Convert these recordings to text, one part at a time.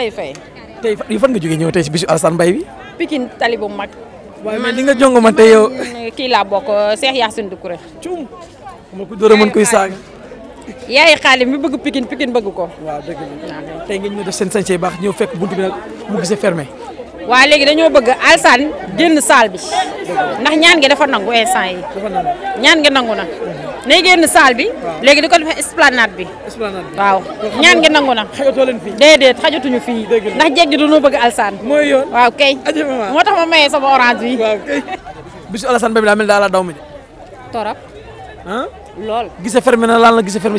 lay fay. tey fan fan nga jógee ñëw tey bisu Alassane Mbaye bi. Pikine tali bu mag. waaye mais li nga jongo man tey yow. Eh, kii laa bokk eh, Cheikh Yacine Doucouré. cum ma ko dóor a mën koy saaga. yaay xaalim mi bëgg pikin Pikine bëgg ko. waaw dëgg la tey nga ñu def seen sañse baax ñëw fekk buntu bi nag mu gisee fermé. waa léegi dañoo bëgg Alassane génn salle bi. ndax ñaan ngi dafa nangu instant yi ñaan ngi nangu na. day génn salle bi. léegi di ko defee esplanade bi. waaw ñaan ngi nangu na. xajatoo leen fii déedéet xajatuñu fii. ndax jéggi du ñu bëgg alsaan. mooy yoon waaw moo tax ma maye sama orange bi. waaw kay. bisu alsaan bébé daa mel daal laa daw mi de. torop. ah lool. gise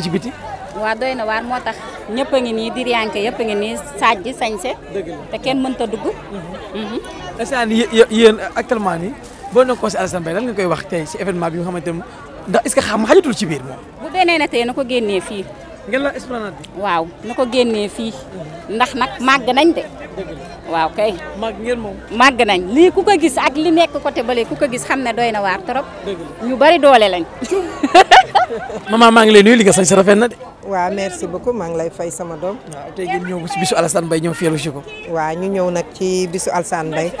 ci biti. waa doy na waar moo tax ñëpp ngi nii di riyanke yëpp a ngi nii saaj ji sañse. te kenn mënta dugg. instant mhm. mhm. yii yéen actuellement nii boo nekkoon si Alassane Mbaye lan nga koy wax tey si événement bi nga xamante ne ndax est que xam xajatul ci biir moom. bu beneen a tee na ko génnee fii. ngeen la waaw na ko génnee fii ndax nag màgg nañ de. waaw kay. màgg ngeen moom. nañ lii ku ko gis ak li nekk côté bële ku ko gis xam ne doy na waar trop. ñu bari doole lañ. maman maa ngi lay nuyu li nga sañ sa rafet na de. waaw merci beaucoup maa ngi lay fay sama doom. waaw tey ngeen ñëw ci bisu Alassane Mbaye ñëw feelu si ko. waa ñu ñëw nag ci bisu Alassane Mbaye.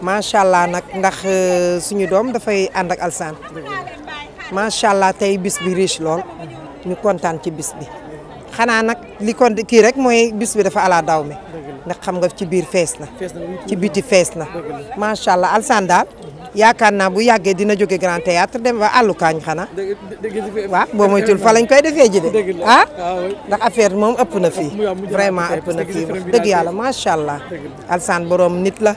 macha allah nag ndax euh, suñu doom dafay ànd ak Alassane. macha allah tey bis bi riche lool ñu kontaan ci bis bi xanaa nag li kon kii rek mooy bis bi dafa ala me mi ndax xam nga ci biir fees na ci biti fees na macha allah alsan daal yaakaar naa bu yàggee dina jóge grand théâtre dem ba àllu kaañ xanaa waaw boo moytul fa lañ koy defee ji de ah ndax affaire moom ëpp na fii vraiment ëpp na fii wax dëgg yàlla macha allah alsan boroom nit la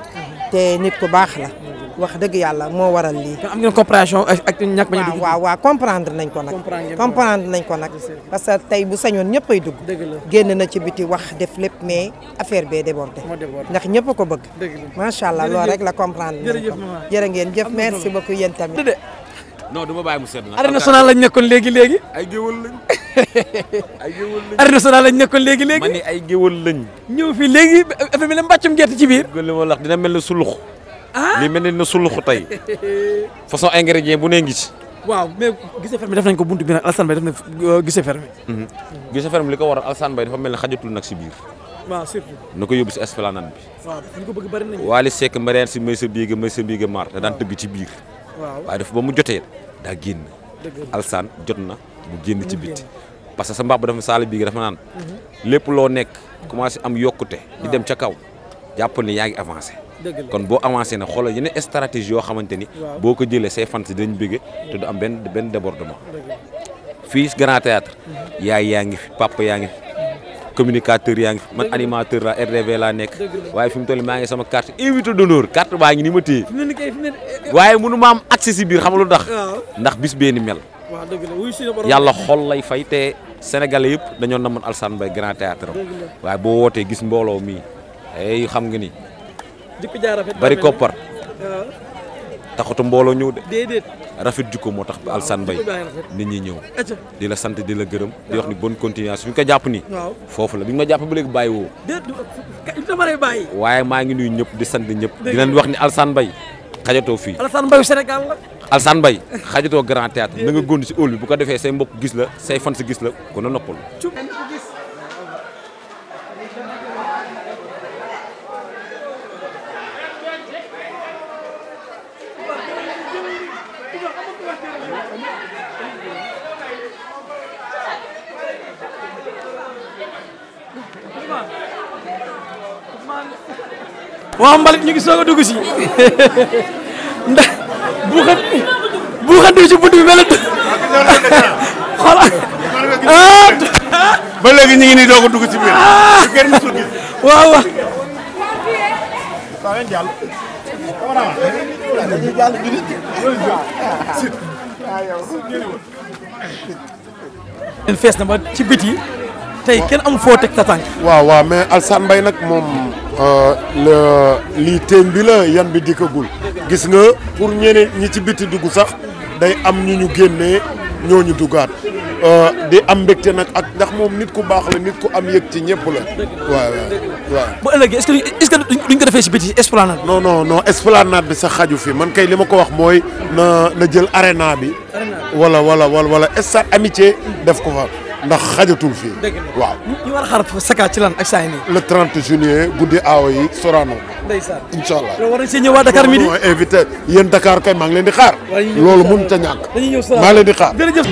te nit ku baax la wax dëgg yàlla moo waral lii. am ngeen compréhension ak ñàkk bañ waaw waaw comprendre nañ ko nag. comprendre nañ ko nag. parce que tey bu sañoon ñëpp ay dugg. génn na ci biti wax def lépp mais affaire bee débordé. ndax ñëpp ko bëgg. dëgg la macha allah loolu rek la comprendre nañ ko. jërë ngeen jëf merci beaucoup yéen tamit. non du ma bàyyi mu sedd nag. arène nationale lañ nekkoon léegi léegi. ay géwël lañ. ay géwël lañ. arène léegi léegi. ma ni ay géwël lañ. ñëw fii léegi affaire bi la mbàccum gerte ci biir. gën li dina mel su sulux. Ah. lii mel na suluxu tey façon ingrédient bu nee ngi waaw mais gisee ferme def nañ ko buntu bi nag Alassane Mbaye def nañ euh, gisee ferme. Mhm. gisee ferme li ko waral Alassane Mbaye dafa xajatul nag si biir. waaw na ko yóbbu si esplanade bi. waaw ñu ko bëgg bari nañ. Waly Seck mbareen si may sa biige may maar te daan tëgg ci biir. waaw waaye dafa ba mu jotee daa génn. Alassane jot na mu génn ci biti. parce que sa mbaax ba dafa saala biige dafa naan. Mhm. lépp loo nekk commencé am yokkute. di dem ca kaw jàpp ne yaa gi avancé. kon boo avancé na xoolal yeneen stratégie yoo xamante ni boo ko jëlee say fans dañ bëgg te du am benn benn débordement fii Grand Théâtre mhm. yaay yaa ngi fi papa yaa ngi fi mhm. communicateur yaa ngi fi man animateur la nekk waaye fi mu tolli maa ngi sama carte invité d'honneur carte baa ngi ni ma téye eh, eh. waaye mënu ma am accès si biir xam lu tax ndax bis bee ni mel yàlla xol lay fay te sénégalais yëpp dañoo namoon Alassane Mbaye Grand Théâtre waaye boo wootee gis mbooloo mii xam nga ni jikko jaa bari koppar. taxatu mbooloo ñëw de. déedéet rafet jikko moo tax Alassane Mbaye nit ñi ñëw. di la sant di la gërëm di wax ni bonne continuation ko jàpp nii. foofu la bi ñu jàpp ba léegi bàyyi woo. waaye maa ngi nuyu ñëpp di sant ñëpp. di leen wax ni Alassane Mbaye xajatoo fii. Alassane Mbaye Sénégal la. Alassane Mbaye xajatoo Grand Théâtre na nga góob si óol bi bu ko defee say mbokk gis la say fan si gis la kon a noppal. waaw mbalit ñu ngi soog a dugg si ndax bu xat ci bunt bi mel xool ba léegi ñu ngi nii doog a dugg ci biir. Ah. waaw waaw. fees na ba ci biti. tey kenn amu foo teg sa tànk. waaw waaw mais Alassane Mbaye nag moom euh, la lii teeñ bi la yan bi dikkagul gis nga pour ñeneen ñi ci biti dugg sax day am ñu ñu génnee ñoo ñu duggaat euh, di am mbégte nag ak ndax moom nit ku baax la nit ku am yëg ci ñëpp la. waaw waaw bu ëllëgee est-ce que est-ce ko defee si biti esplanade. non non non esplanade bi sax xaju fi man kay li ma ko wax mooy na jël arena bi. wala wala wala wala stade amitié def ko fa. ndax xajatul fii. waaw. ñu war a Saka ci lan ak saa yi nii. le 30 juillet guddi aawa yi Sorano. ndeysaan incha allah loolu war nañ kay maa ngi leen di xaar. loolu mun ta ñàkk. dañuy leen di xaar. jërëjëf.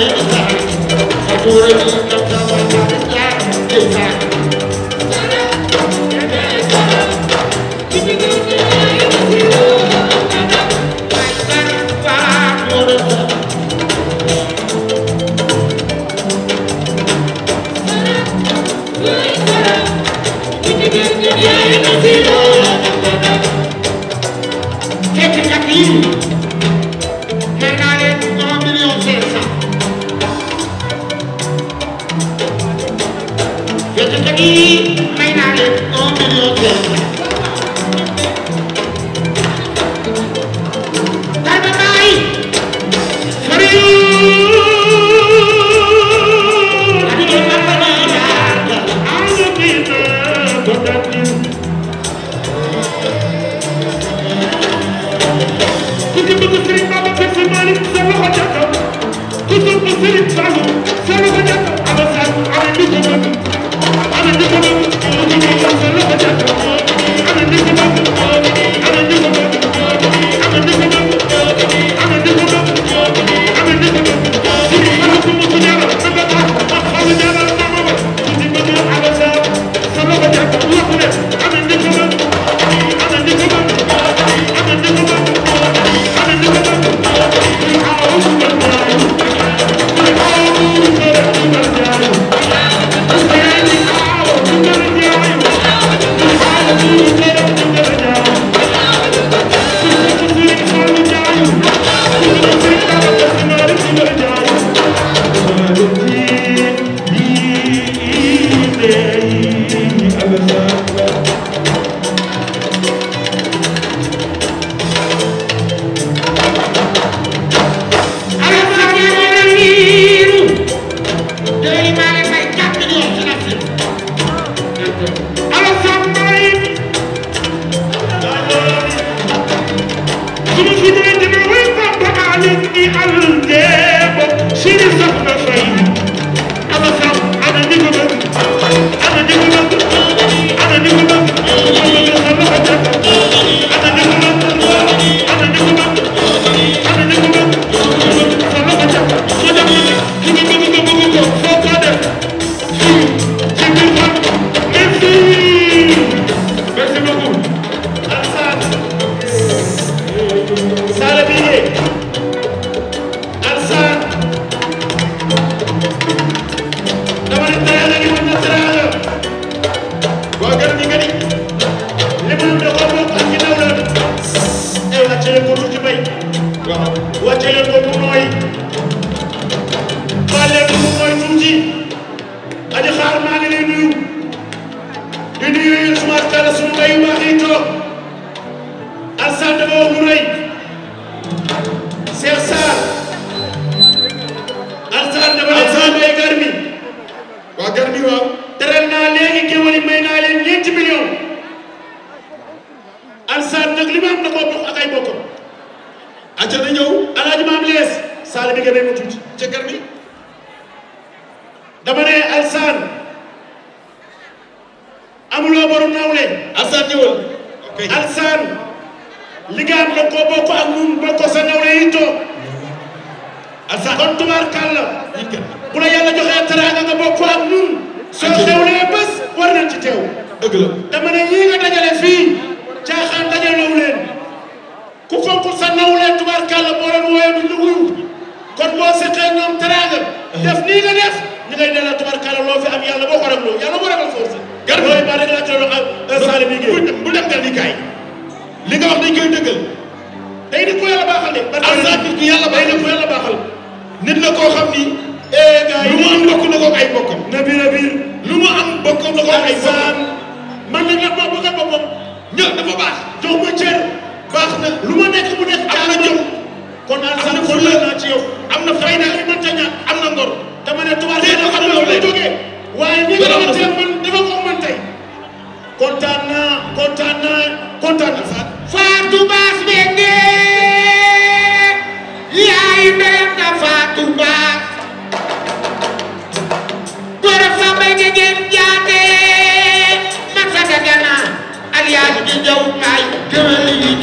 Thank you. di jaw naay gëwël yi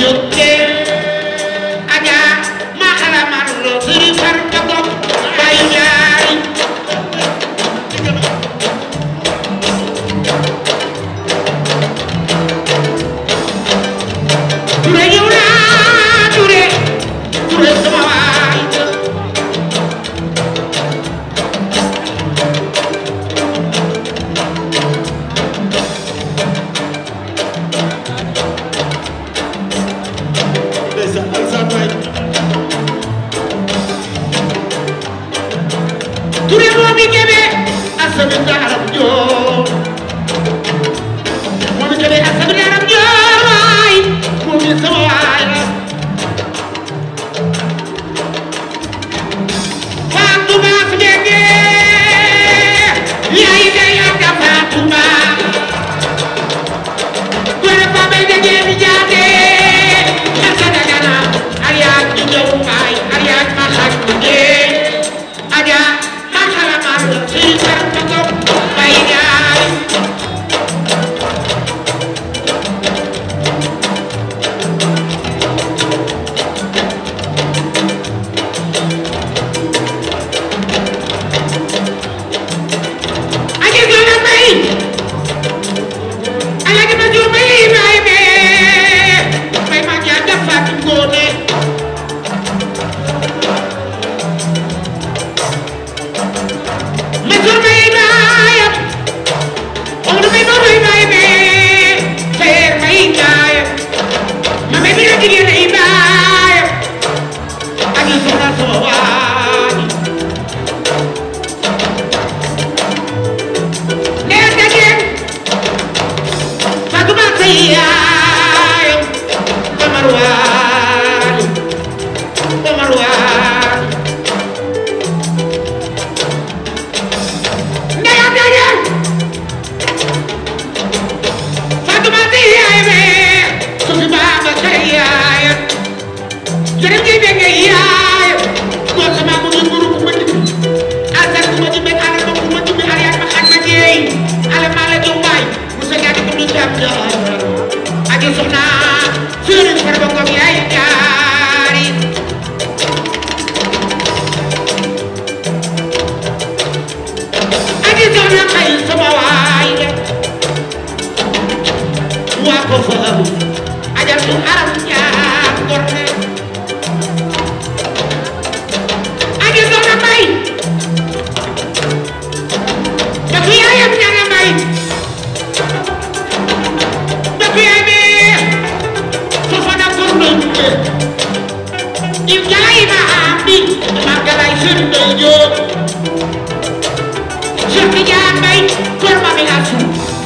night, clear my action.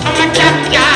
I'm a champion.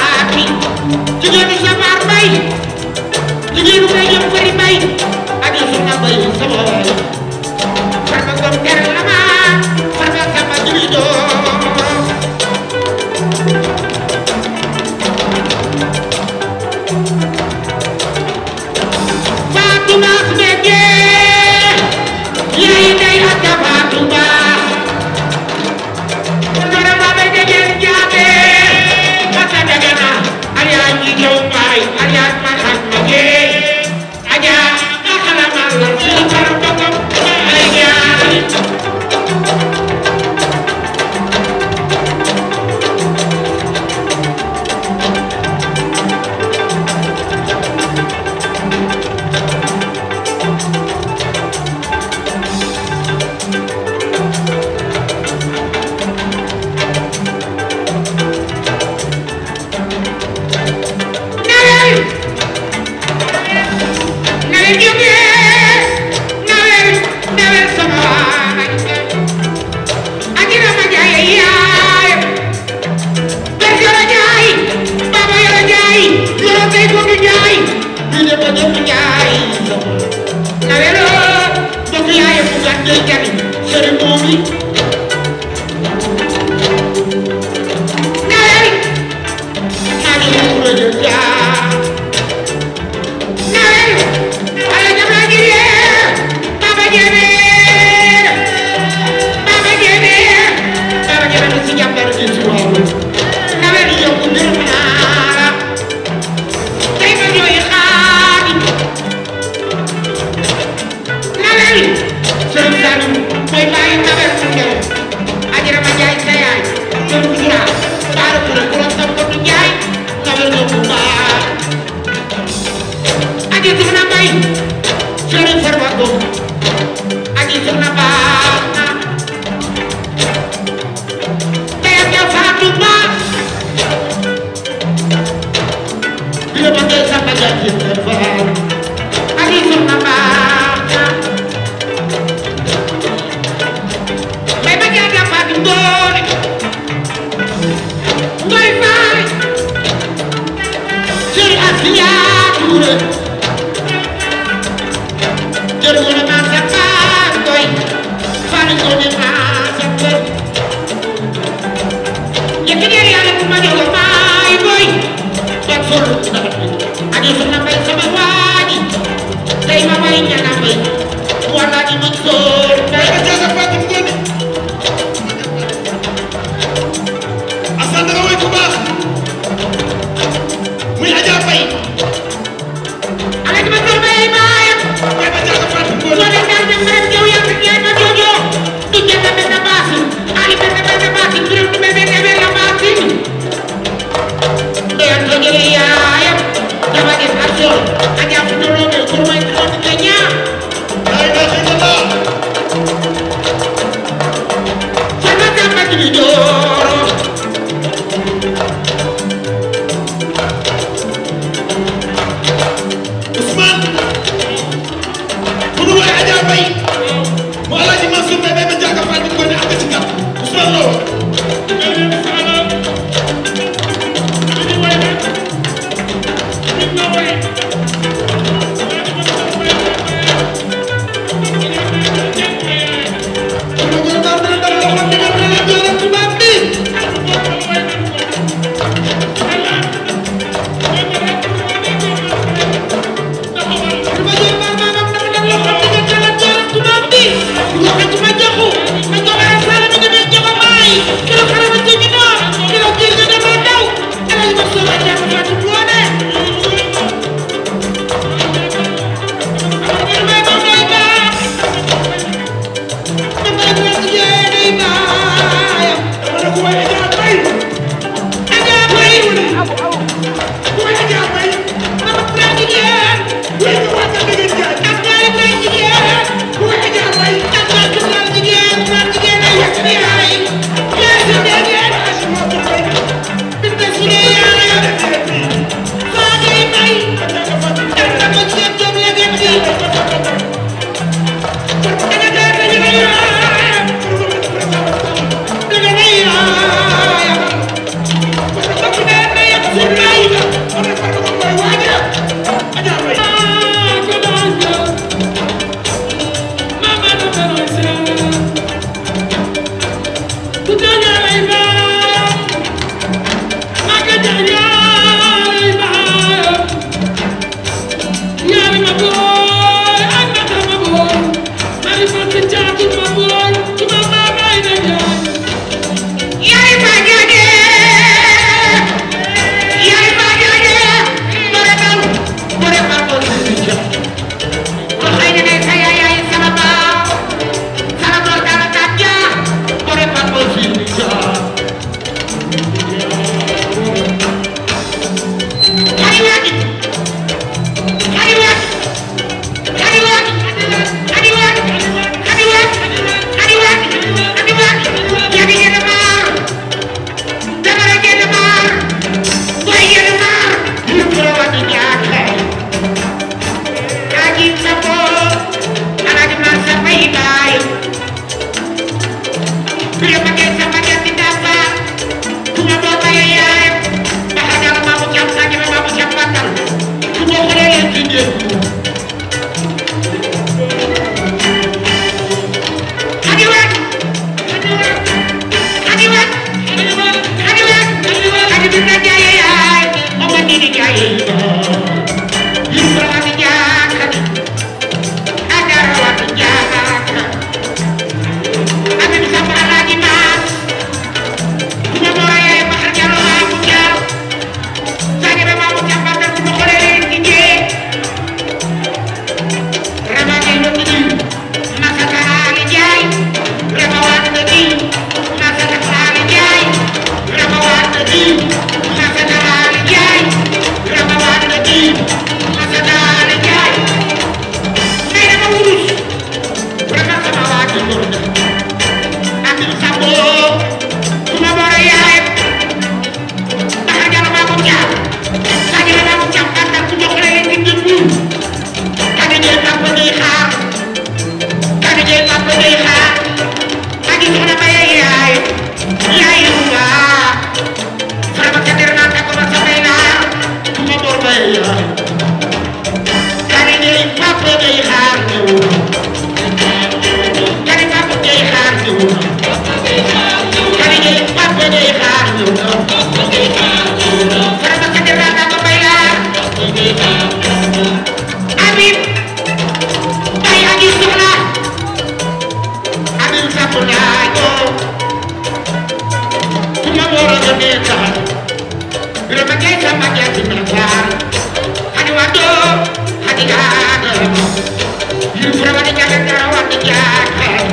Yeah.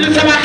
di sama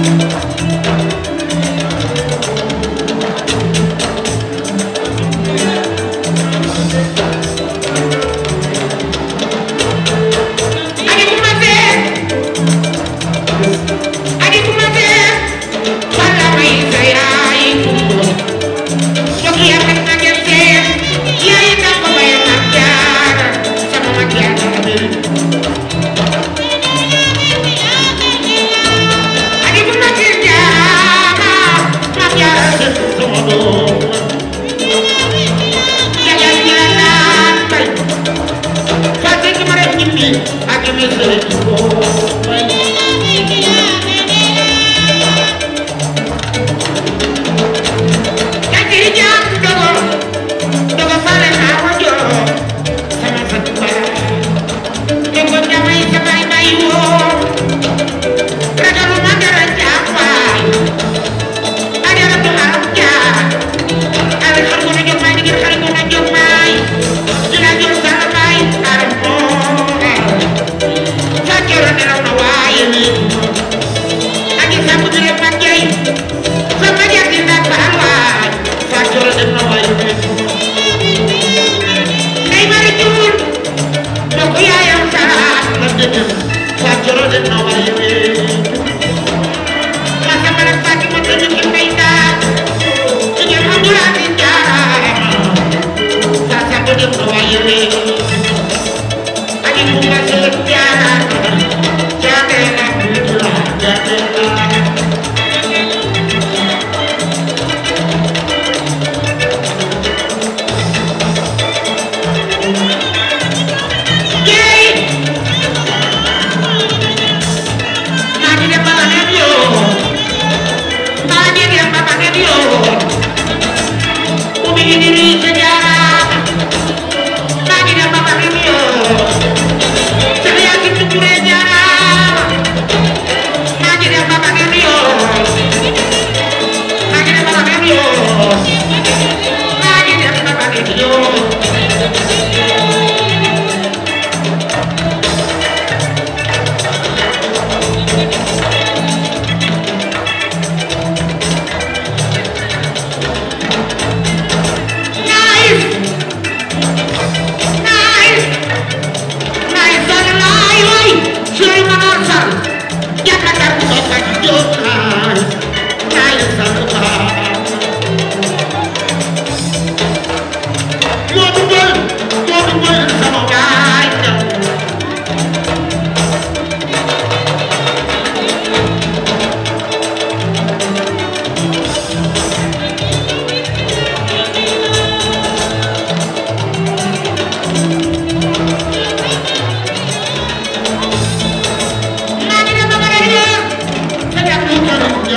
Thank you. Thank you.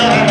Yeah.